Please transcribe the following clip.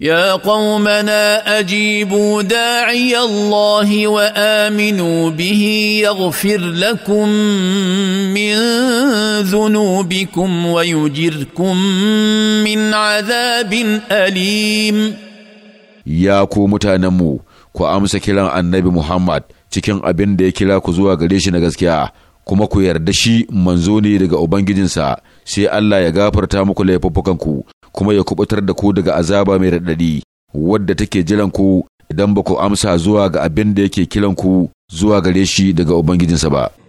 يا قومنا اجيبوا داعي الله وامنوا به يغفر لكم من ذنوبكم ويجركم من عذاب اليم يا ku mutanenmu ku amsa kiran annabi Muhammad cikin abin da ya kira ku zuwa gare shi na gaskiya kuma ku yarda shi manzo ne daga ubangijinsa sai Allah ya gafarta muku laifuffukanku kuma ya kubutar da ku daga azaba mai raɗaɗi wadda take jiran ku idan ba ku amsa zuwa ga abin da yake kiran ku zuwa gare shi daga Ubangijinsa ba.